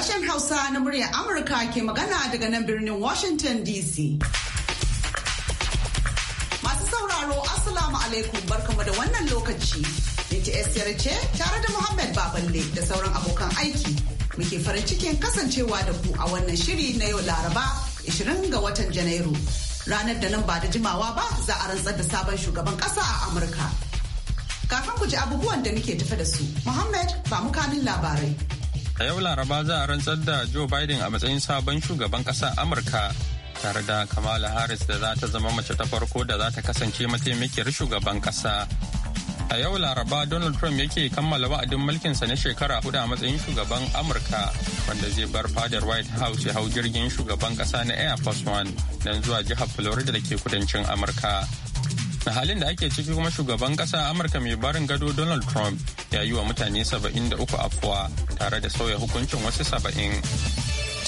Sashen Hausa na muryar Amurka ke magana daga nan birnin Washington DC. Masu sauraro Assalamu alaikum barkamu da wannan lokaci. Binti Esther ce tare da Muhammad Baballe da sauran abokan aiki. Muke farin cikin kasancewa da ku a wannan shiri na yau Laraba 20 ga watan Janairu. Ranar da nan ba da jimawa ba za a rantsar da sabon shugaban kasa a Amurka. Kafin ku ji abubuwan da muke tafe da su, Muhammad ba mukanin labarai. a yau laraba za a rantsar da joe biden a matsayin sabon shugaban ƙasa amurka tare da kamala harris da za ta zama mace ta farko da za ta kasance mataimakiyar shugaban ƙasa a yau laraba donald trump yake kammala wa'adin mulkinsa na shekara hudu a matsayin shugaban amurka wanda zai bar fadar white house ya hau jirgin shugaban kasa na air force one don zuwa jihar florida da ke kudancin amurka a halin da ake ciki kuma shugaban kasa amurka mai barin gado donald trump ya yi wa mutane 73 afuwa tare da sauya hukuncin wasu 70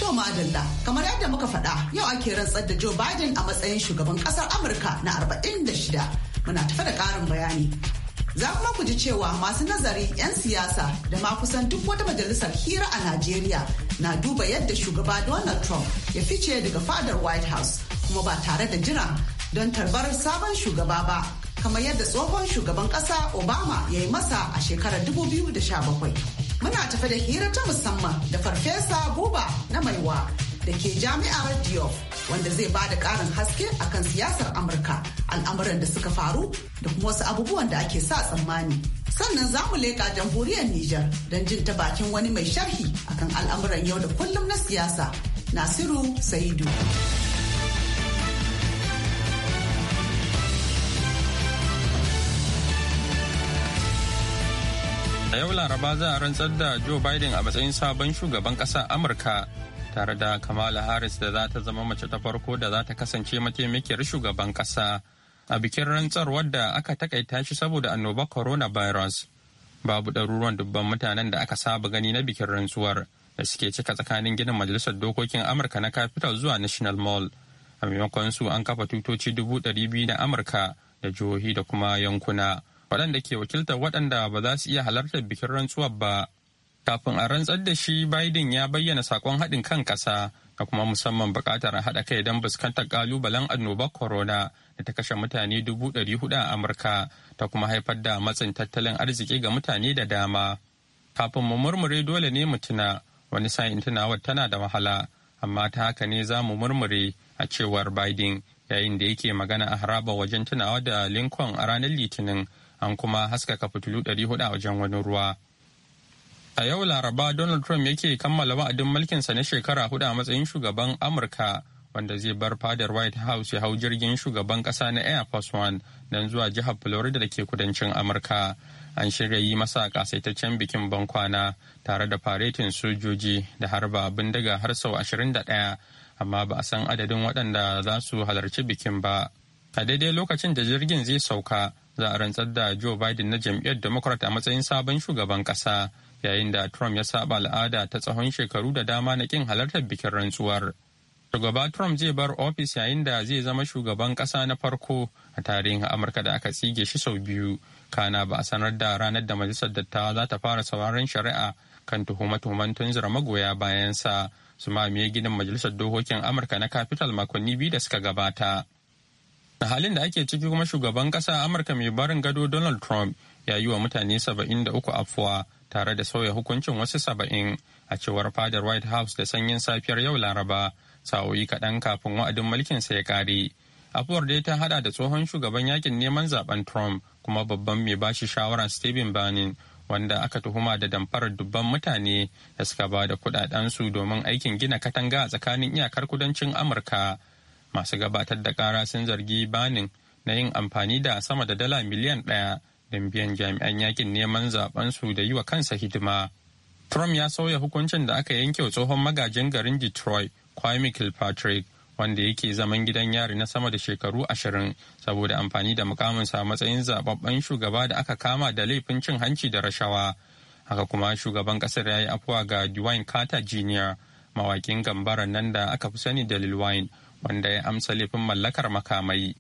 To madalla kamar yadda muka faɗa yau ake rantsar da Joe Biden a matsayin shugaban ƙasar Amurka na 46 muna tafe da ƙarin bayani. Za kuma ku ji cewa masu nazari 'yan siyasa da ma kusan duk wata majalisar hira a Najeriya na duba yadda shugaba Donald Trump ya fice daga fadar White House kuma ba tare da jira don tarbar sabon shugaba ba kamar yadda tsohon shugaban kasa obama ya yi masa a shekarar 2017 muna tafe da hira ta musamman da farfesa buba na maiwa da ke jami'ar diop wanda zai ba da karin haske akan siyasar amurka al'amuran da suka faru da kuma wasu abubuwan da ake sa tsammani sannan za mu leƙa jamhuriyar Nijar don jin ta bakin wani mai sharhi akan al'amuran yau da kullum na siyasa nasiru saidu a yau laraba za a rantsar da joe biden a matsayin sabon shugaban ƙasa amurka tare da kamala harris da za ta zama mace ta farko da za ta kasance mataimakiyar shugaban ƙasa a bikin rantsar wadda aka takaita shi saboda annobar coronavirus babu ɗaruruwan dubban mutanen da aka saba gani na bikin rantsuwar da suke cika tsakanin ginin majalisar dokokin amurka na capital zuwa national mall a maimakon su an kafa tutoci dubu ɗari biyu na amurka da jihohi da kuma yankuna waɗanda ke wakiltar waɗanda ba za su iya halartar bikin rantsuwar ba. Kafin a rantsar da shi Biden ya bayyana sakon haɗin kan ƙasa da kuma musamman buƙatar haɗa kai don fuskantar ƙalubalen annobar corona da ta kashe mutane dubu ɗari hudu a Amurka ta kuma haifar da matsin tattalin arziki ga mutane da dama. Kafin mu murmure dole ne mu tuna wani sa'in tunawar tana da wahala amma ta haka ne za mu murmure a cewar Biden yayin da yake magana a haraba wajen tunawa da Lincoln a ranar Litinin an kuma haskaka fitilu 400 a wajen wani ruwa. A yau Laraba Donald Trump yake kammala wa'adin mulkinsa na shekara hudu a matsayin shugaban Amurka wanda zai bar fadar White House ya hau jirgin shugaban ƙasa na Air Force One don zuwa jihar Florida da ke kudancin Amurka. An shirya yi masa kasaitaccen bikin bankwana tare da faretin sojoji da harba bindiga har sau ashirin da 21 amma ba a san adadin waɗanda za su halarci bikin ba. A daidai lokacin da jirgin zai sauka, za a rantsar da Joe Biden na jam'iyyar Democrat a matsayin sabon shugaban kasa yayin da Trump ya saba al'ada ta tsawon shekaru da dama na kin halartar bikin rantsuwar. Shugaba Trump zai bar ofis yayin da zai zama shugaban ƙasa na farko a tarihin Amurka da aka tsige shi sau biyu. Kana ba a sanar da ranar da Majalisar Dattawa za ta fara sauraron shari'a kan tuhume-tuhumen tunzura magoya bayan sa su mamaye gidan Majalisar Dokokin Amurka na Capitol makonni biyu da suka gabata. da halin da ake ciki kuma shugaban kasa amurka mai barin gado donald trump ya yi wa mutane 73 afuwa tare da sauya hukuncin wasu 70 a cewar fadar white house da sanyin safiyar yau laraba sa'o'i kaɗan kafin wa'adin mulkin sa ya kare afuwar dai ta hada da tsohon shugaban yakin neman zaben trump kuma babban mai bashi shawara stephen bannon wanda aka tuhuma da damfarar dubban mutane da suka ba da kudadensu domin aikin gina katanga a tsakanin iyakar kudancin amurka masu gabatar da kara sun zargi banin na yin amfani da sama da dala miliyan ɗaya don biyan jami'an yakin neman zabensu da yi wa kansa hidima. Trump ya sauya hukuncin da aka yanke wa tsohon magajin garin Detroit, Kwame Kilpatrick, wanda yake zaman gidan yari na sama da shekaru ashirin saboda amfani da mukaminsa a matsayin zababben shugaba da aka kama da laifin cin hanci da rashawa. Haka kuma shugaban kasar ya yi afuwa ga Dwayne Carter Jr., mawakin gambaran nan da aka fi sani da Lil Wayne, wanda ya amsa laifin mallakar makamai.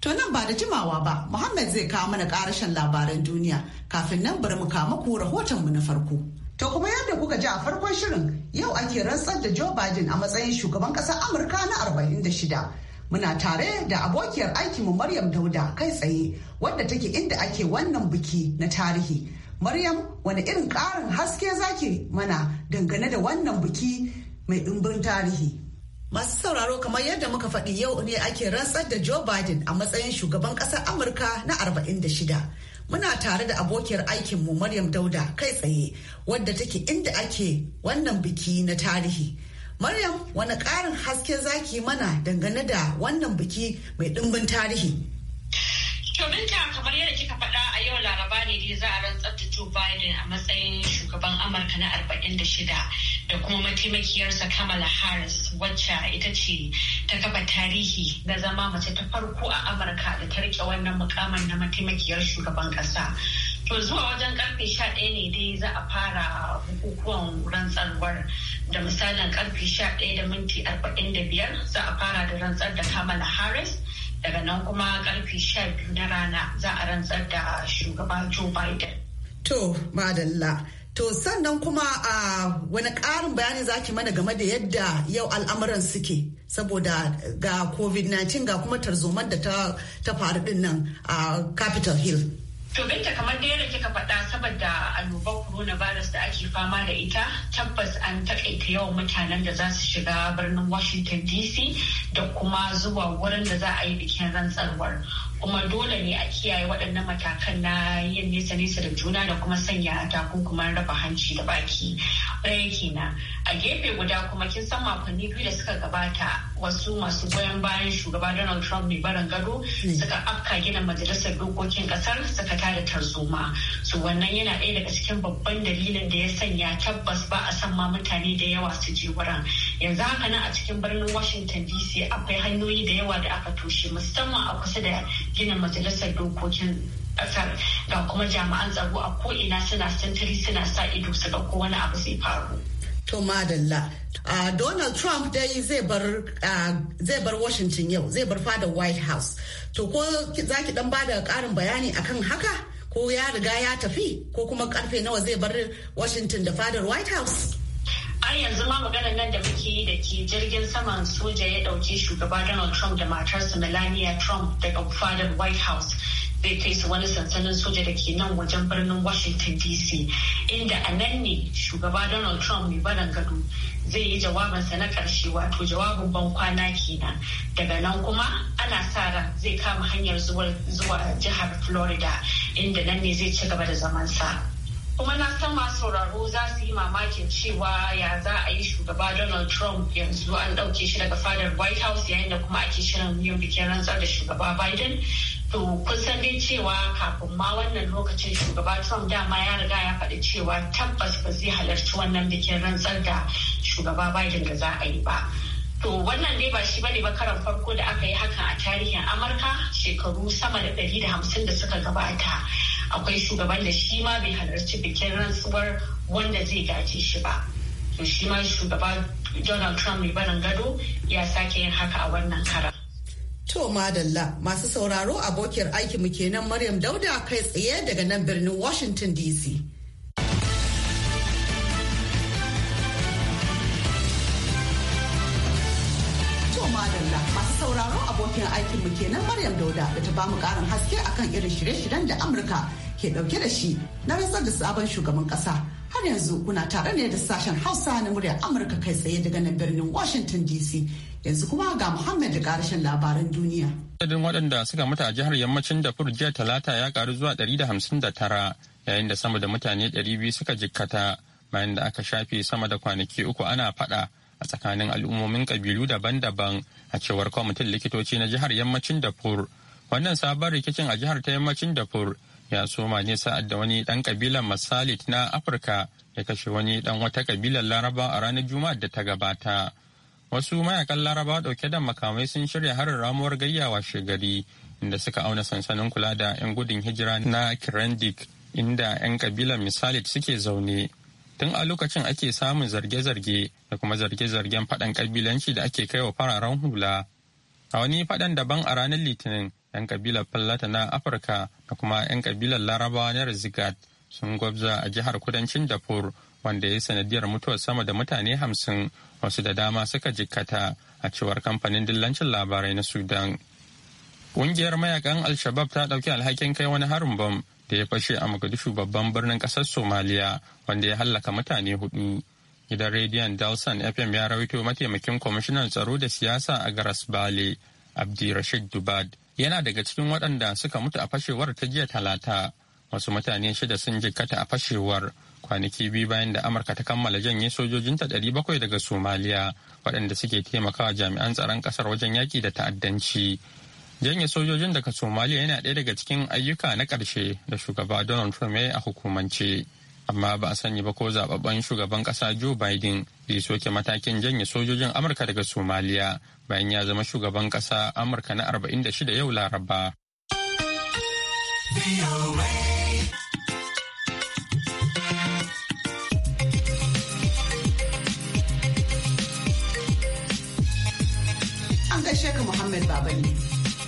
To nan ba da jimawa ba, Muhammad zai kawo mana karashen labaran duniya kafin nan bari mu kama ku rahotonmu na farko. To kuma yadda kuka ji a farkon shirin yau ake rantsar da Joe Biden a matsayin shugaban ƙasar Amurka na 46. Muna tare da abokiyar aikinmu Maryam Dauda kai tsaye wadda take inda ake wannan biki na tarihi. Maryam wani irin ƙarin haske zaki mana dangane da wannan biki mai ɗumbin tarihi. Masu sauraro kamar yadda muka faɗi yau ne ake rantsar da Joe Biden a matsayin shugaban ƙasar Amurka na 46. Muna tare da abokiyar aikinmu Maryam Dauda kai tsaye wadda take inda ake wannan biki na tarihi. Maryam wani ƙarin haske zaki mana dangane da wannan biki mai ɗimbin tarihi. To binta kamar yadda kika faɗa a yau laraba ne dai za a rantsar da Joe Biden a matsayin shugaban Amurka na arba'in da shida, da kuma mataimakiyarsa Kamala Harris wacce ita ce ta kafa tarihi da zama mace ta farko a Amurka da ta rike wannan mukamin na mataimakiyar shugaban ƙasa. To zuwa wajen karfe sha 11 ne dai za a fara bukukuwan rantsarwar da misalin karfe 11 da minti arba'in 45 za a fara da rantsar da Kamala Harris. daga nan kuma karfe sha biyu na rana za a rantsar da shugaba joe biden to madalla To sannan kuma a wani ƙarin bayani za ki mana game da yadda yau al'amuran suke saboda ga COVID-19 ga kuma tarzoman da ta faru din nan a Capitol Hill. To binta kamar da yadda kika faɗa saboda annobar coronavirus da ake fama da ita tabbas an taƙaita yawan mutanen da za su shiga birnin Washington DC da kuma zuwa wurin da za a yi bikin rantsarwar. Kuma dole ne a kiyaye waɗannan matakan na yin nesa nesa da juna da kuma sanya takunkuman raba hanci da baki. Ɗaya kenan. A gefe guda kuma kin san makonni biyu da suka gabata wasu masu goyon bayan shugaba donald trump mai barin gado hmm. suka afka gina majalisar dokokin kasar suka tada tarzoma su wannan yana ɗaya daga cikin babban dalilin da ya sanya tabbas ba a san ma mutane da yawa su je wurin yanzu haka nan a cikin birnin washington dc akwai hanyoyi da yawa da aka toshe musamman a kusa da gina majalisar dokokin kasar ga kuma jami'an tsaro a ko'ina suna sintiri suna sa ido su ga ko wani abu zai faru to madalla Uh, Donald Trump dai zai bar uh, Washington yau zai bar fadar White House. To ko za ki dan bada karin bayani akan haka ko ya riga ya tafi ko kuma karfe nawa zai bar Washington da fadar White House? har yanzu ma maganar nan da muke yi da ke jirgin saman soja ya ɗauki shugaba Donald Trump da matarsa Melania Trump daga fadar White House. zai kai su wani sansanin soja da ke nan wajen birnin washington dc inda a nan ne shugaba donald trump mai barin gado zai yi jawabansa na karshe wato jawabin ban kwana kenan daga nan kuma ana sa ran zai kama hanyar zuwa jihar florida inda nan ne zai ci gaba da zamansa. kuma na san masu sauraro za su yi mamakin cewa ya za a yi shugaba donald trump yanzu an ɗauke shi daga fadar white house yayin da kuma ake shirin yin bikin rantsar da shugaba biden to kun san dai cewa kafin ma wannan lokacin shugaba trump dama ya riga ya faɗi cewa tabbas ba zai halarci wannan bikin rantsar da shugaba biden da za a yi ba to wannan dai ba shi bane ba karan farko da aka yi hakan a tarihin amurka shekaru sama da ɗari da hamsin da suka gabata akwai shugaban da shi ma bai halarci bikin rantsuwar wanda zai gaje shi ba to shi ma shugaba donald trump mai barin gado ya sake yin haka a wannan karan To madalla masu sauraro abokiyar aiki mu kenan Maryam Dauda kai tsaye daga nan birnin Washington DC. masu sauraro abokin aikinmu kenan Maryam Dauda da ta bamu karin haske akan irin shirye-shiryen da Amurka ke dauke da shi na rantsar da sabon shugaban kasa har yanzu kuna tare ne da sashen Hausa na muryar Amurka kai tsaye daga nan birnin Washington DC Yanzu kuma ga Muhammad da labaran duniya. Adadin waɗanda suka mutu a jihar yammacin da jiya talata ya ƙaru zuwa ɗari da da hamsin tara yayin da sama da mutane ɗari biyu suka jikkata bayan da aka shafe sama da kwanaki uku ana faɗa a tsakanin al'ummomin ƙabilu daban-daban a cewar kwamitin likitoci na jihar yammacin dafur wannan sabon rikicin a jihar ta yammacin dafur ya soma ne sa'ad da wani ɗan ƙabilar masalit na afirka ya kashe wani ɗan wata ƙabilar laraba a ranar juma'ar da ta gabata wasu mayakan larabawa dauke da makamai sun shirya harin ramuwar gayyawa shigari inda suka auna sansanin kula da 'yan gudun hijira na kirendik inda 'yan kabilar misali suke zaune tun a lokacin ake samun zarge-zarge da kuma zarge-zargen faɗan kabilanci da ake kaiwa fararen hula a wani faɗan daban a ranar litinin 'yan kabilar fallata na afirka da kuma 'yan kabilar larabawa na rizigat sun gwabza a jihar kudancin dafur wanda ya sanadiyar mutuwar sama da mutane hamsin wasu da dama suka jikkata a cewar kamfanin dillancin labarai na sudan ƙungiyar mayakan al-shabab ta ɗauki alhakin kai wani harin bom da ya fashe a mogadishu babban birnin ƙasar somaliya wanda ya hallaka mutane hudu gidan rediyon dalsan fm ya rawaito mataimakin kwamishinan tsaro da siyasa a garas bale abdi rashid dubad yana daga cikin waɗanda suka mutu a fashewar ta jiya talata wasu mutane shida sun jikkata a fashewar kwanaki biyu bayan da amurka ta kammala janye sojojinta ɗari bakwai daga somaliya waɗanda suke taimakawa jami'an tsaron ƙasar wajen yaƙi da ta'addanci janye sojojin daga somaliya yana ɗaya daga cikin ayyuka na ƙarshe da shugaba donald trump ya a hukumance amma ba a sani ba ko zaɓaɓɓen shugaban ƙasa joe biden bai soke matakin janye sojojin amurka daga somaliya bayan ya zama shugaban ƙasa amurka na arba'in da 46 yau laraba. an gaishe ka Muhammad Babani.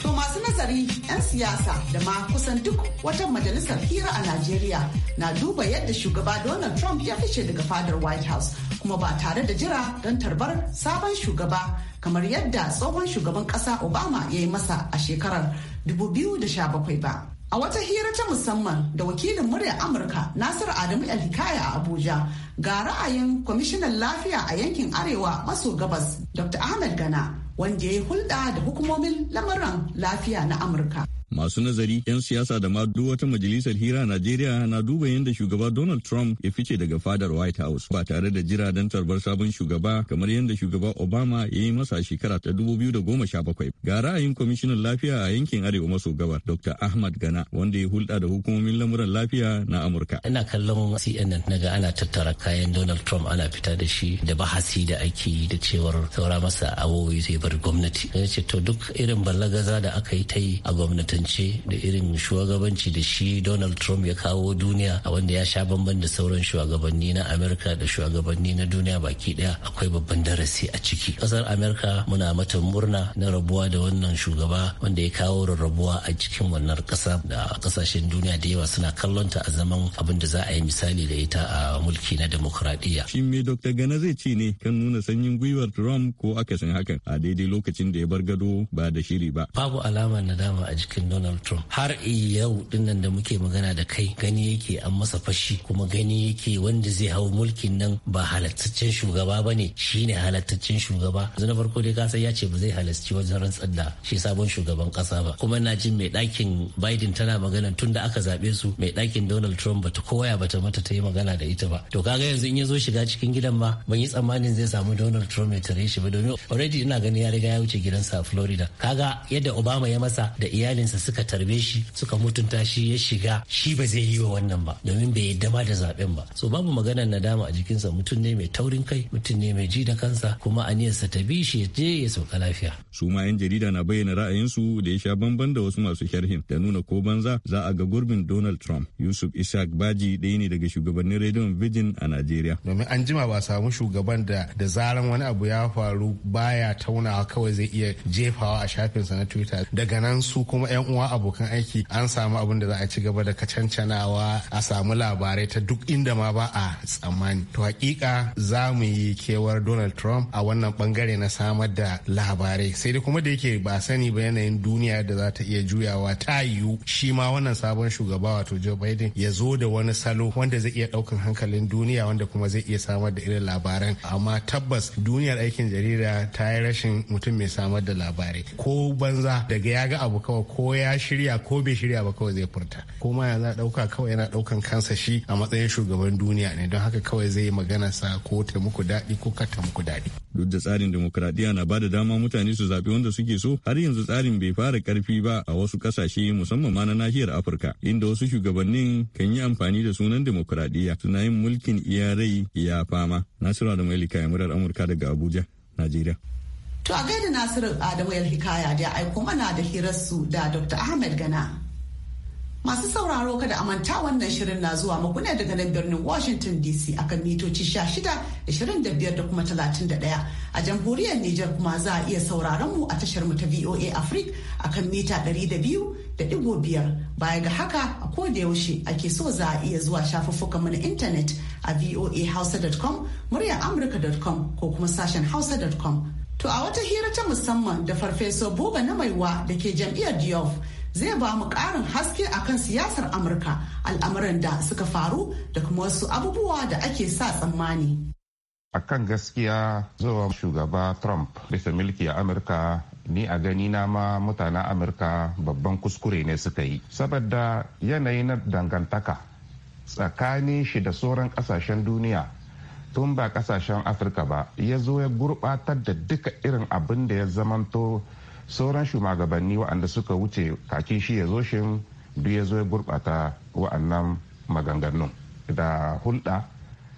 To masu nazari 'yan siyasa da ma kusan duk wata majalisar hira a Najeriya na duba yadda shugaba Donald Trump ya fice daga fadar White House kuma ba tare da jira don tarbar sabon shugaba kamar yadda tsohon shugaban ƙasa Obama ya yi masa a shekarar 2017 ba. A wata hira ta musamman da wakilin muryar Amurka Nasiru Adamu Alhikaya a Abuja ga ra'ayin kwamishinan lafiya a yankin Arewa maso gabas Dr. Ahmed Gana wanda ya hulɗa da hukumomin lamarin lafiya na Amurka. masu nazari 'yan siyasa da ma duk wata majalisar hira a najeriya na duba yadda shugaba donald trump ya fice daga fadar white house ba tare da jira don tarbar sabon shugaba kamar yadda shugaba obama ya yi masa shekara ta dubu biyu da goma sha 2017 ga ra'ayin kwamishinan lafiya a yankin arewa maso gabar dr ahmad gana wanda ya hulɗa da hukumomin lamuran lafiya na amurka ina kallon cnn naga ana tattara kayan donald trump ana fita da shi da bahasi da ake yi da cewar saura masa awowi zai bar gwamnati ya ce to duk irin ballagaza da aka yi ta yi a gwamnati siyasance da irin shugabanci da shi donald trump ya kawo duniya a wanda ya sha bamban da sauran shugabanni na amerika da shugabanni na duniya baki daya akwai babban darasi a ciki kasar amerika muna mata murna na rabuwa da wannan shugaba wanda ya kawo rarrabuwa a cikin wannan kasa da kasashen duniya da yawa suna kallon ta a zaman abin da za a yi misali da ita a mulki na demokradiyya shin me dr gana zai ce ne kan nuna sanyin gwiwar trump ko akasin hakan a daidai lokacin da ya bar gado ba da shiri ba babu na nadama a jikin donald trump har yau dinnan da muke magana da kai gani yake an masa fashi kuma gani yake wanda zai hau mulkin nan ba halattaccen shugaba ba ne shi ne halattaccen shugaba yanzu na farko dai kasa ya ce ba zai halarci wajen rantsar da shi sabon shugaban kasa ba kuma na jin mai ɗakin biden tana magana tun da aka zaɓe su mai ɗakin donald trump bata koya bata mata ta yi magana da ita ba to kaga yanzu in ya zo shiga cikin gidan ma ban yi tsammanin zai samu donald trump ya tare shi ba domin already ina gani ya riga ya wuce gidansa a florida kaga yadda obama ya masa da iyalinsa sa suka tarbe shi suka mutunta shi ya shiga shi ba zai yi wa wannan ba domin bai yadda ma da zaben ba so babu maganar nadama a jikinsa mutum ne mai taurin kai mutum ne mai ji da kansa kuma aniyarsa ta bi shi ya je ya sauka lafiya su ma yan jarida na bayyana ra'ayinsu da ya sha bamban da wasu masu sharhin da nuna ko banza za a ga gurbin Donald Trump Yusuf Isaac Baji ɗaya ne daga shugabannin rediyon Virgin a Najeriya domin an jima ba samu shugaban da da zaran wani abu ya faru baya taunawa kawai zai iya jefawa a shafinsa na Twitter daga nan su kuma 'yan yan uwa abokan aiki an samu abin da za a ci gaba da kacancanawa a samu labarai ta duk inda ma ba a tsammani to hakika za mu yi kewar donald trump a wannan bangare na samar da labarai sai dai kuma da yake ba sani ba yanayin duniya da za ta iya juyawa ta yiwu shi ma wannan sabon shugaba wato joe biden ya zo da wani salo wanda zai iya ɗaukan hankalin duniya wanda kuma zai iya samar da irin labaran amma tabbas duniyar aikin jarida ta yi rashin mutum mai samar da labarai ko banza daga ya ga abu kawai ko ya shirya ko bai shirya ba kawai zai furta koma ya za dauka kawai yana daukan kansa shi a matsayin shugaban duniya ne don haka kawai zai yi magana sa ko ta muku daɗi ko kata muku daɗi. duk da tsarin demokradiyya na bada dama mutane su zaɓi wanda suke so har yanzu tsarin bai fara karfi ba a wasu ƙasashe musamman ma na nahiyar afirka inda wasu shugabannin kan yi amfani da sunan demokradiyya suna yin mulkin iyarai ya fama nasiru da mailika ya murar amurka daga abuja najeriya. To a gaida Nasiru Adamu Hikaya da ya aiko mana da hirarsu da Dr. Ahmed Gana. Masu sauraro kada a manta wannan shirin na zuwa muku ne daga nan birnin Washington DC akan mitoci 16, da kuma 31. A jamhuriyar Nijar kuma za a iya sauraron mu a tashar mu ta VOA Africa akan mita 200.5. Baya ga haka a da yaushe ake so za a iya zuwa shafuffukan mu na intanet a voahausa.com, muryar amurka.com ko kuma sashen hausa.com To a wata hira ta musamman da Farfesa Buba na Maiwa da ke jam'iyyar Diop zai ba mu ƙarin haske akan siyasar Amurka al'amuran da suka faru da kuma wasu abubuwa da ake sa tsammani. A kan gaskiya zuwa shugaba Trump bisa mulki a Amurka ni a gani na ma mutanen Amurka babban kuskure ne suka yi. Saboda yanayi na dangantaka tsakanin shi da sauran kasashen duniya tun ba kasashen afirka ba ya zo ya gurbatar da duka irin abin da ya zamanto sauran shugabanni waɗanda suka wuce kakin shi ya zo shi duk ya zo ya gurbata wa'annan maganganun da hulɗa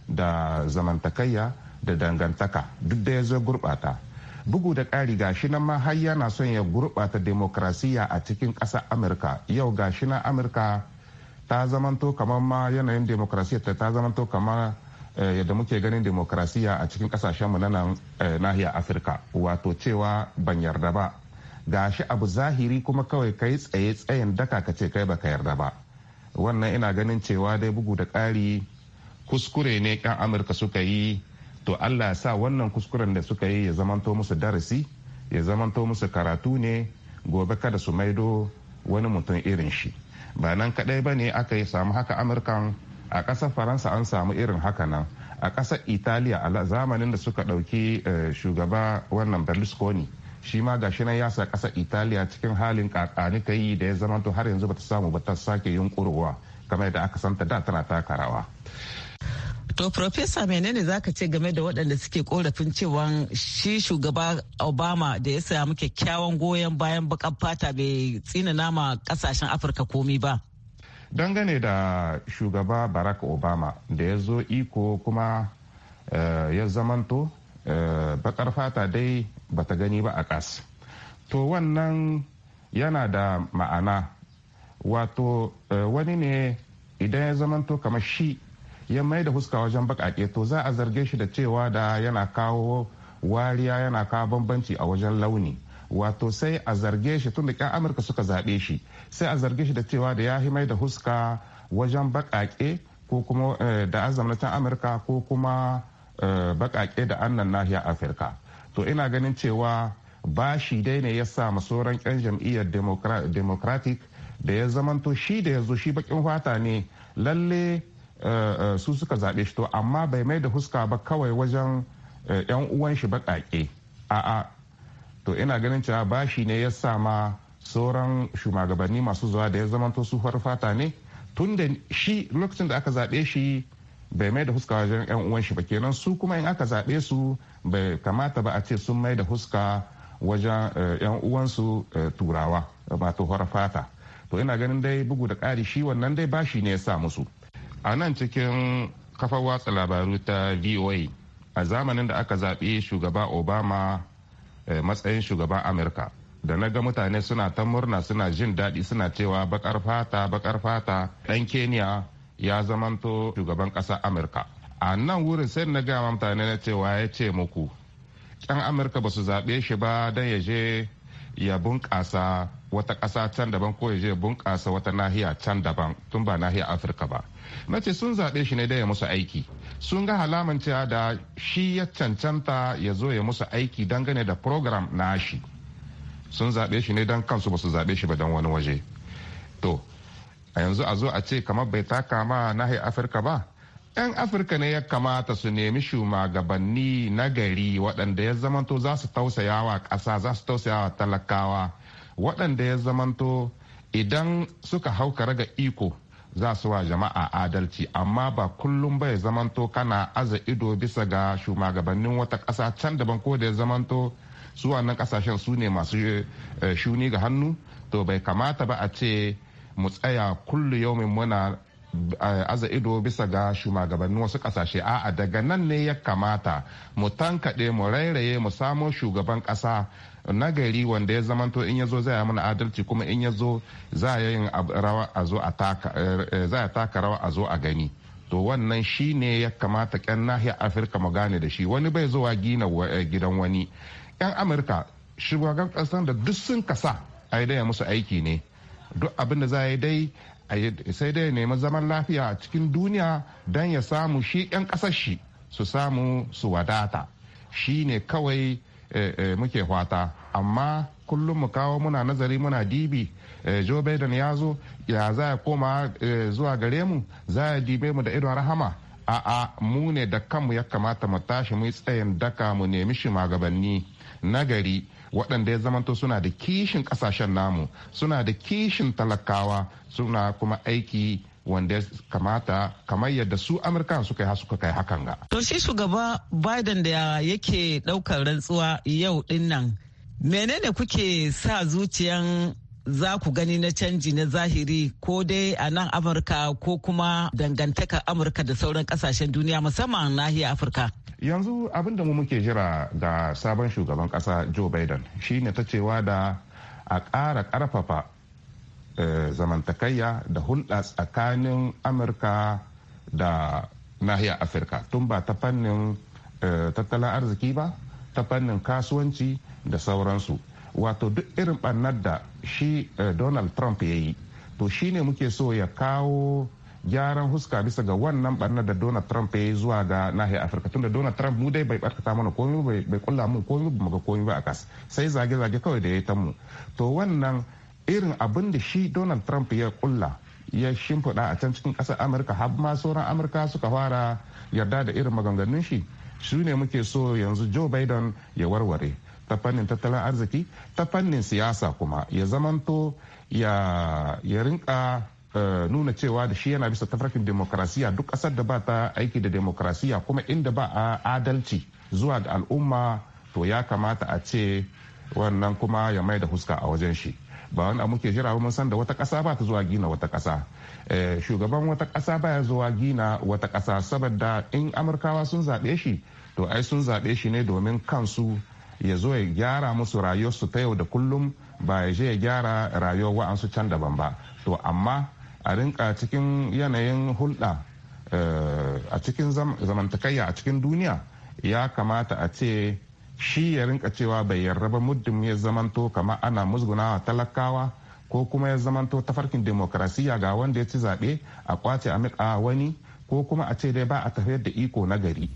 da zamantakayya da dangantaka duk da ya zo gurbata bugu da ƙari gashi nan ma har yana son ya gurbata demokrasiya a cikin ƙasar amurka yau gashi na amurka ta zamanto kamar ma yanayin demokrasiyar ta zamanto kamar Eh, yadda muke ganin demokrasiya a cikin kasashenmu na nan eh, nahiyar afirka wato cewa ban yarda ba gashi abu zahiri kuma kawai kai tsaye tsayin daka ka ce kai baka yarda ba wannan ina ganin cewa dai bugu da ƙari kuskure ne kan amurka suka yi to allah sa wannan kuskuren da suka yi ya zamanto musu darasi ya zamanto musu karatu ne gobe kada su maido wani mutum irin shi ba nan kadai ba ne aka yi samu haka amurkan a ƙasar faransa an samu irin haka nan a ƙasar italiya a zamanin da suka ɗauki eh, shugaba wannan berlusconi shi ma gashi nan ya sa ƙasar italiya cikin halin kakani ta yi da ya zama to har yanzu bata samu ba ta sake yunkurowa kamar yadda aka santa da tana taka rawa To, Profesa menene za ka ce game da waɗanda suke korafin cewa shi shugaba Obama da ya samu kyakkyawan goyon bayan bakan fata bai tsina nama ƙasashen Afirka komi ba? dangane da shugaba barack obama da ya zo iko kuma eh, ya zamanto eh, bakar fata dai bata gani ba a kas to wannan yana da ma'ana wato eh, wani ne idan ya zamanto kamar shi ya mai da huska wajen bakake to za a zarge shi da cewa da yana kawo wariya yana kawo bambanci a wajen launi wato sai a zarge shi tun da ƙyan amurka suka zaɓe shi sai a zarge shi da cewa da ya mai da huska wajen baƙaƙe ko kuma eh, da an amurka ko kuma eh, baƙaƙe da annan nahiyar afirka to ina ganin cewa bashi dai ne ya sa masoran 'yan jam'iyyar democratic da ya zamanto shi da ya zo shi bakin fata ne lalle eh, su suka zaɓe shi to amma bai mai da huska ba kawai wajen 'yan uwan shi baƙaƙe a'a to ina ganin cewa bashi ne ya sama sauran shugabanni masu zuwa da ya zamanto su fata ne tun da shi lokacin da aka zaɓe shi bai mai da huska wajen yan uwan shi ba kenan su kuma in aka zaɓe su bai kamata ba a ce sun mai da huska wajen yan eh, uwansu eh, turawa wato fata to ina ganin dai bugu da ƙari shi wannan dai bashi ne ya sa musu a nan cikin kafar watsa labaru ta voa a zamanin da aka zaɓe shugaba obama Eh, matsayin shugaban amurka da na ga mutane suna ta murna suna jin daɗi suna cewa bakar fata bakar fata ɗan kenya ya zamanto shugaban ƙasa amurka a nan wurin sai na gama mutane na cewa ya ce muku ƙyan amurka ba su zaɓe shi ba don ya je ya bunƙasa wata ƙasa can daban ko ya je bunƙasa wata nahiya can daban tun ba nahiya afirka ba na ce sun zaɓe shi ne don ya musu aiki sun ga halaman cewa da shi ya cancanta ya zo ya musu aiki dangane da program na shi sun zaɓe shi ne don kansu ba su zaɓe shi ba don wani waje to a yanzu a zo a ce kamar bai taka ma nahiyar afirka ba 'yan afirka ne ya kamata su nemi shugabanni na gari waɗanda ya zamanto za su tausayawa ƙasa za su tausayawa talakawa waɗanda ya zamanto idan suka hauka raga iko za su wa jama'a adalci amma ba kullum bai zamanto kana aza ido bisa ga shugabannin wata ƙasa can daban ko da ya zamanto su wannan ƙasashen su ne masu eh, shuni ga hannu to bai kamata ba a ce mu tsaya kullu yau muna Eh, aza ido bisa ga shugabannin wasu kasashe a'a daga nan ne ya kamata mu tankaɗe mu rairaye mu samo shugaban ƙasa gari wanda ya zamanto in ya zo zai mana adalci kuma in yazo zo za yin rawa a zo a er, eh, taka rawa a zo a gani to wannan shi ne ya kamata ƙyan nahiyar afirka mu gane da shi wani bai zuwa gina eh, gidan wani 'yan amurka shugaban ƙasar da duk sun kasa a ya musu aiki ne duk abin da za a yi dai sai dai nemi zaman lafiya a cikin duniya don ya samu shi 'yan ƙasar shi su samu su wadata shi ne kawai eh, eh, muke hwata amma kullum mu kawo muna nazari muna dibi eh, joe biden ya zo ya za ya koma zuwa gare mu za ya dibe mu da idon rahama a'a mu ne da kanmu ya kamata mu tashi mu tsayin daka mu nemi shi magabanni gari waɗanda ya zamanto suna da kishin ƙasashen namu suna da kishin talakawa suna kuma aiki wanda ya kamata kamar yadda su amurkan suka yi suka kai hakan ga. To shi shugaba Biden da yake ɗaukar rantsuwa yau ɗin nan menene kuke sa zuciyan za ku gani na canji na zahiri ko dai a nan amurka ko kuma dangantakar amurka da sauran kasashen duniya musamman nahiyar afirka yanzu abin da mu muke jira ga sabon shugaban kasa joe biden shine ta cewa da a ƙara ƙarfafa eh, zamantakayya da hulɗa tsakanin amurka da nahiyar afirka tun ba ta fannin eh, tattalin arziki ba ta fannin kasuwanci da sauransu wato duk irin ɓannar da shi eh, donald trump ya yi to shine muke so ya kawo gyaran huska bisa ga wannan barnar da donald trump ya yi zuwa ga nahiyar afirka tunda donald trump mu dai bai barkata mana komi bai kulla mu komi ba ga komi ba a kasa sai zage-zage kawai da ya yi ta mu to wannan irin abin da shi donald trump ya kulla ya shimfiɗa a can cikin ƙasar amurka har ma sauran amurka suka fara yarda da irin maganganun shi su ne muke so yanzu joe biden ya warware ta fannin tattalin arziki ta fannin siyasa kuma ya zamanto ya rinka Eh, nuna cewa da shi yana bisa tafarkin demokrasiya duk ƙasar da ba ta aiki da demokrasiya kuma inda ba a adalci zuwa ga al'umma to ya kamata a ce wannan kuma ya mai da huska a wajen shi ba wani muke jira mun san da wata kasa ba ta zuwa gina wata ƙasa eh, shugaban wata ba baya zuwa gina wata kasa saboda in amurkawa sun zaɓe shi to ai sun zaɓe shi ne domin kansu ya zo ya gyara musu rayuwarsu ta yau da kullum ba ya je ya gyara rayuwar wa'ansu can daban ba to amma a rinka cikin yanayin hulɗa eh, a cikin zamantakayya a cikin duniya ya kamata a ce shi ya rinka cewa bai yarda ba muddin ya zamanto kama ana musgunawa talakawa ko kuma ya zamanto tafarkin demokrasiya ga wanda ya ci zaɓe a kwace a wani ko kuma a ce dai ba a tafiyar da iko na gari.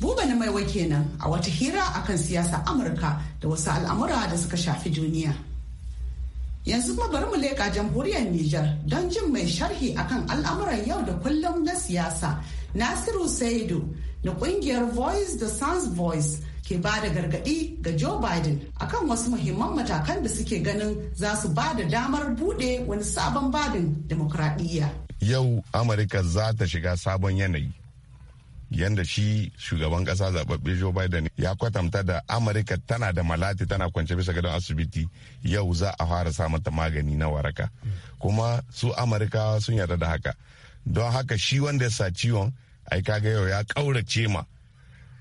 Buba na maiwa nan a wata hira akan siyasa Amurka da wasu al'amura da suka shafi duniya. Yanzu kuma bari mu leƙa jamhuriyar Nijar don jin mai sharhi akan al'amuran yau da kullum na siyasa. Nasiru Saidu da kungiyar Voice da Sans Voice ke ba da gargaɗi ga Joe Biden akan wasu muhimman matakan da suke ganin za su ba da damar buɗe wani sabon badin demokradiyya. Yau Amurka za ta shiga sabon yanayi. Yanda shi shugaban kasa zababbe Joe Biden ya kwatanta da Amurka tana da malati tana kwance bisa gadon asibiti yau za a fara sa mata magani na waraka kuma su Amurka sun yarda da haka don haka shi wanda ya sa ciwon ai kaga yau ya ƙaurace ma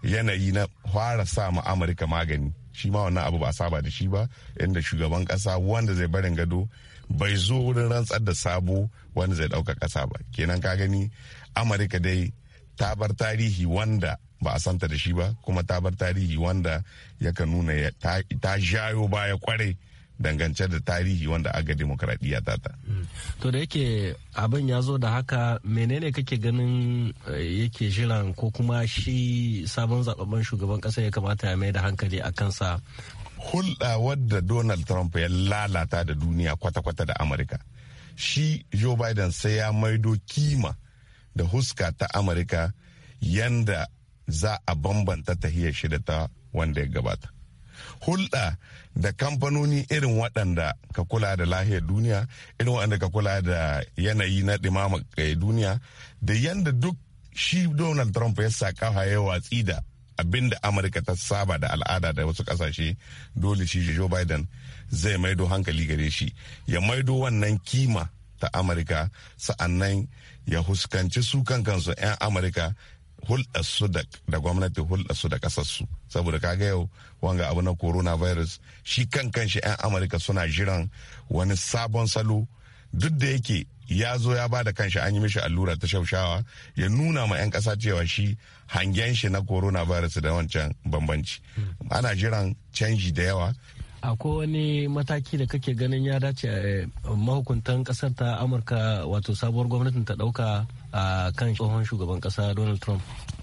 yanayi na fara sa ma Amurka magani shi ma wannan abu ba saba da shi ba inda shugaban kasa wanda zai barin gado bai zo wurin rantsar da sabo wanda zai ɗauka kasa ba kenan ka gani amurka dai ta bar tarihi wanda ba a santa da shi ba kuma ta bar tarihi wanda ya ka nuna ta jayo baya kwarai dangance da tarihi wanda aga demokradiyya ta ta. Mm. To da yake abin ya zo da haka menene kake ganin eh, yake shiran ko kuma shi sabon zababban shugaban kasa ya kamata ya mai da hankali a kansa. Hulɗa wadda Donald Trump ya lalata da duniya kwata-kwata da Amurka. Shi Joe Biden sai ya maido kima da huska ta amurka yanda za a bambanta tahiyar shi da ta wanda ya gabata hulɗa da kamfanoni irin waɗanda ka kula da lahiyar duniya irin waɗanda ka kula da yanayi na ɗimama eh, duniya da yanda duk shi donald trump ya sa kafa ya watsi da abin da amurka ta saba da al'ada da wasu kasashe dole shi joe biden zai maido hankali gare shi ya maido wannan kima ta amurka sa'annan ya huskanci su kan kansu 'yan amurka hulɗarsu da gwamnati hulɗarsu da ƙasarsu saboda kaga yau wanga abu na coronavirus shi kan kanshi 'yan amurka suna jiran wani sabon salo duk da yake ya zo ya ba da kanshi an yi mishi allura ta shaushawa ya nuna ma 'yan ƙasa cewa shi hangen shi na coronavirus da wancan bambanci ana jiran canji da yawa akwai wani mataki da kake ganin ya dace eh, mahukuntan kasar ta amurka wato sabuwar gwamnatin ta dauka a kan tsohon shugaban kasa donald trump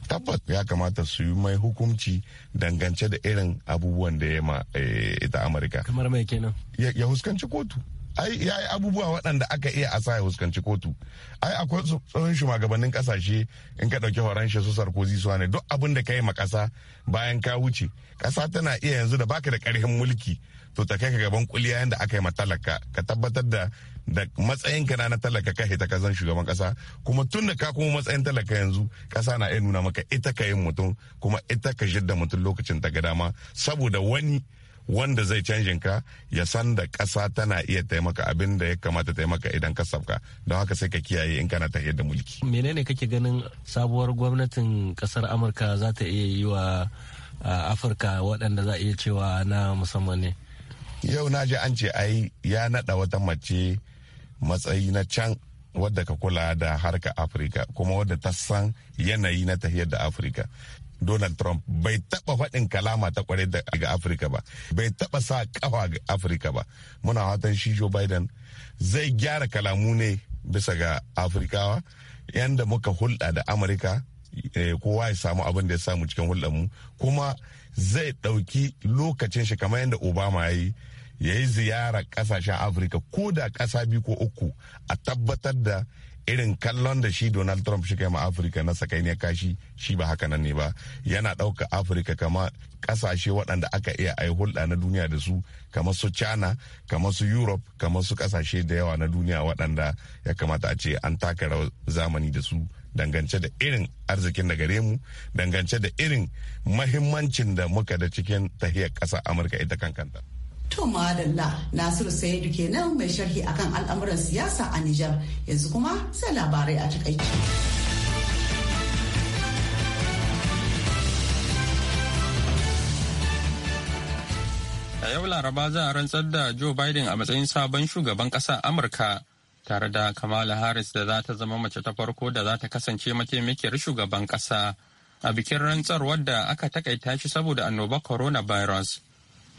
tabbat ya kamata su yi mai hukunci dangance da irin abubuwan da ya ma eh, ita amurka kamar mai kenan ya huskanci kotu ai ya yi abubuwa waɗanda aka iya a sa ya fuskanci kotu ai akwai tsohon shugabannin kasashe in ka ɗauki shi su sarkozy su ne duk abin da ka yi ma ƙasa bayan ka wuce kasa tana iya yanzu da baka da ƙarfin mulki to ta kai ka gaban kuliya yadda aka yi ma talaka ka tabbatar da da matsayin ka na talaka ka ta kazan shugaban kasa kuma tun da ka kuma matsayin talaka yanzu kasa na iya nuna maka ita ka yin mutum kuma ita ka jidda mutum lokacin ta ga dama saboda wani wanda zai canjin ka ya san da ƙasa tana iya taimaka abin da ya kamata taimaka idan ka sabka don haka sai ka kiyaye in kana tafiyar da mulki. menene kake ganin sabuwar gwamnatin ƙasar amurka za ta iya yi wa afirka waɗanda za a iya cewa na musamman ne. yau na ji an ce ai ya naɗa wata mace matsayi na can wadda ka kula da harka afirka kuma wadda ta san yanayi na tahiyar da afirka Donald Trump bai taba faɗin kalama ta kwarai ga Afirka ba bai taba sa kafa ga Afirka ba muna fatan shi Joe Biden zai gyara kalamu ne bisa ga Afirkawa yanda muka hulɗa da Amurka eh, kowa ya samu abin da ya samu cikin hulɗarmu. mu kuma zai ɗauki lokacin shi kamar yadda Obama ya yi ya yi ziyarar kasashen afirka ko da ƙasa biyu ko uku a tabbatar da irin kallon da shi donald trump shi kai ma afirka na ne kashi shi ba haka nan ne ba yana ɗauka afirka kama ƙasashe waɗanda aka iya ai hulɗa na duniya da su kamar su china kamar su europe kamar su ƙasashe da yawa na duniya waɗanda ya kamata a ce an taka zamani da su dangance da irin arzikin da gare mu dangance da irin mahimmancin da muka da cikin tahiyar ƙasa amurka ita kankanta To madalla Nasiru Sayidu kenan mai sharhi akan al'amuran siyasa a Nijar yanzu kuma sai labarai a takaici. A yau Laraba za a rantsar da Joe Biden a matsayin sabon shugaban ƙasa Amurka tare da Kamala Harris da za ta zama mace ta farko da za ta kasance mataimakiyar shugaban ƙasa a bikin rantsar wadda aka takaita shi saboda annobar coronavirus. virus.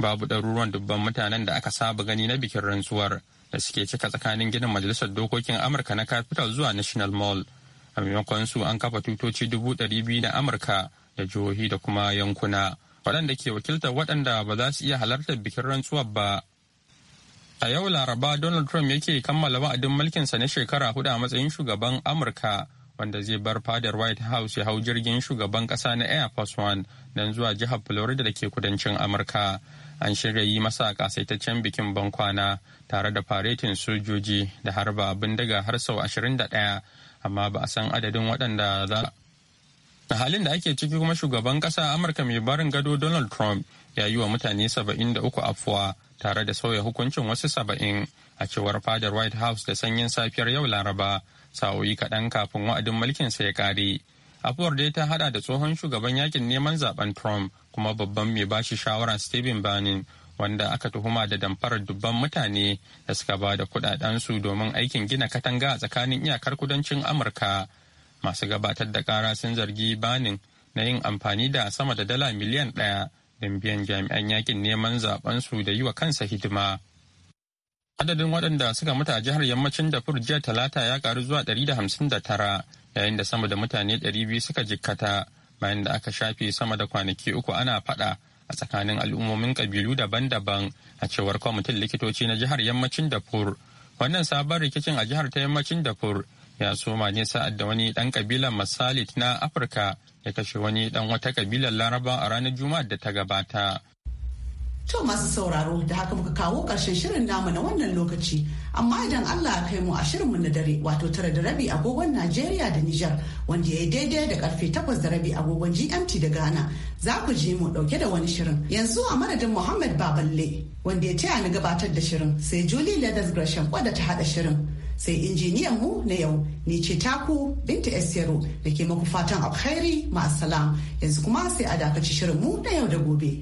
babu ɗaruruwan dubban mutanen da aka saba gani na bikin rantsuwar da suke cika tsakanin ginin majalisar dokokin amurka na capital zuwa national mall a maimakon su an kafa tutoci dubu ɗari biyu na amurka da jihohi da kuma yankuna waɗanda ke wakiltar waɗanda ba za su iya halartar bikin rantsuwar ba a yau laraba donald trump yake kammala wa'adin mulkinsa na shekara hudu a matsayin shugaban amurka wanda zai bar fadar white house ya hau jirgin shugaban kasa na air force one don zuwa jihar florida da ke kudancin amurka an shirya yi masa kasaitaccen bikin bankwana tare da faretin sojoji da harba abin daga har sau 21 amma ba a san adadin waɗanda za a halin da ake ciki kuma shugaban ƙasa amurka mai barin gado donald trump ya yi wa mutane 73 afuwa tare da sauya hukuncin wasu 70 a cewar fadar white house da sanyin safiyar yau laraba sa'o'i kaɗan kafin wa'adin mulkinsa ya ƙare afuwar dai ta hada da tsohon shugaban yakin neman zaben trump kuma babban mai bashi shawara stephen bannon wanda aka tuhuma da damfarar dubban mutane da suka ba da su domin aikin gina katanga a tsakanin iyakar kudancin amurka masu gabatar da kara sun zargi banin na yin amfani da sama da dala miliyan ɗaya don biyan jami'an yakin neman su da yi wa kansa hidima adadin waɗanda suka mutu a jihar yammacin da jiya talata ya karu zuwa 159 yayin da sama da mutane 200 suka jikkata bayan da aka shafe sama da kwanaki uku ana fada a tsakanin al'ummomin kabilu daban-daban a cewar kwamitin likitoci na jihar yammacin dafur wannan sabon rikicin a jihar ta yammacin dafur ya soma ne sa'ad da wani dan kabilar masalit na afirka ya kashe wani dan wata kabilar laraba a ranar juma'ar da ta gabata To masu sauraro da haka muka kawo ƙarshen shirin namu na wannan lokaci. Amma idan Allah ya kai mu a shirinmu na dare wato tara da rabi agogon Najeriya da Nijar wanda ya yi daidai da karfe takwas da rabi agogon GMT da Ghana za ku ji mu ɗauke da wani shirin. Yanzu a madadin Muhammad Baballe wanda ya taya ni gabatar da shirin sai Julie Ladas Gresham wadda ta haɗa shirin. Sai injiniyan mu na yau ni ce taku Binta Esiyaro da ke maku fatan alkhairi ma'asalam yanzu kuma sai a dakaci shirin mu na yau da gobe.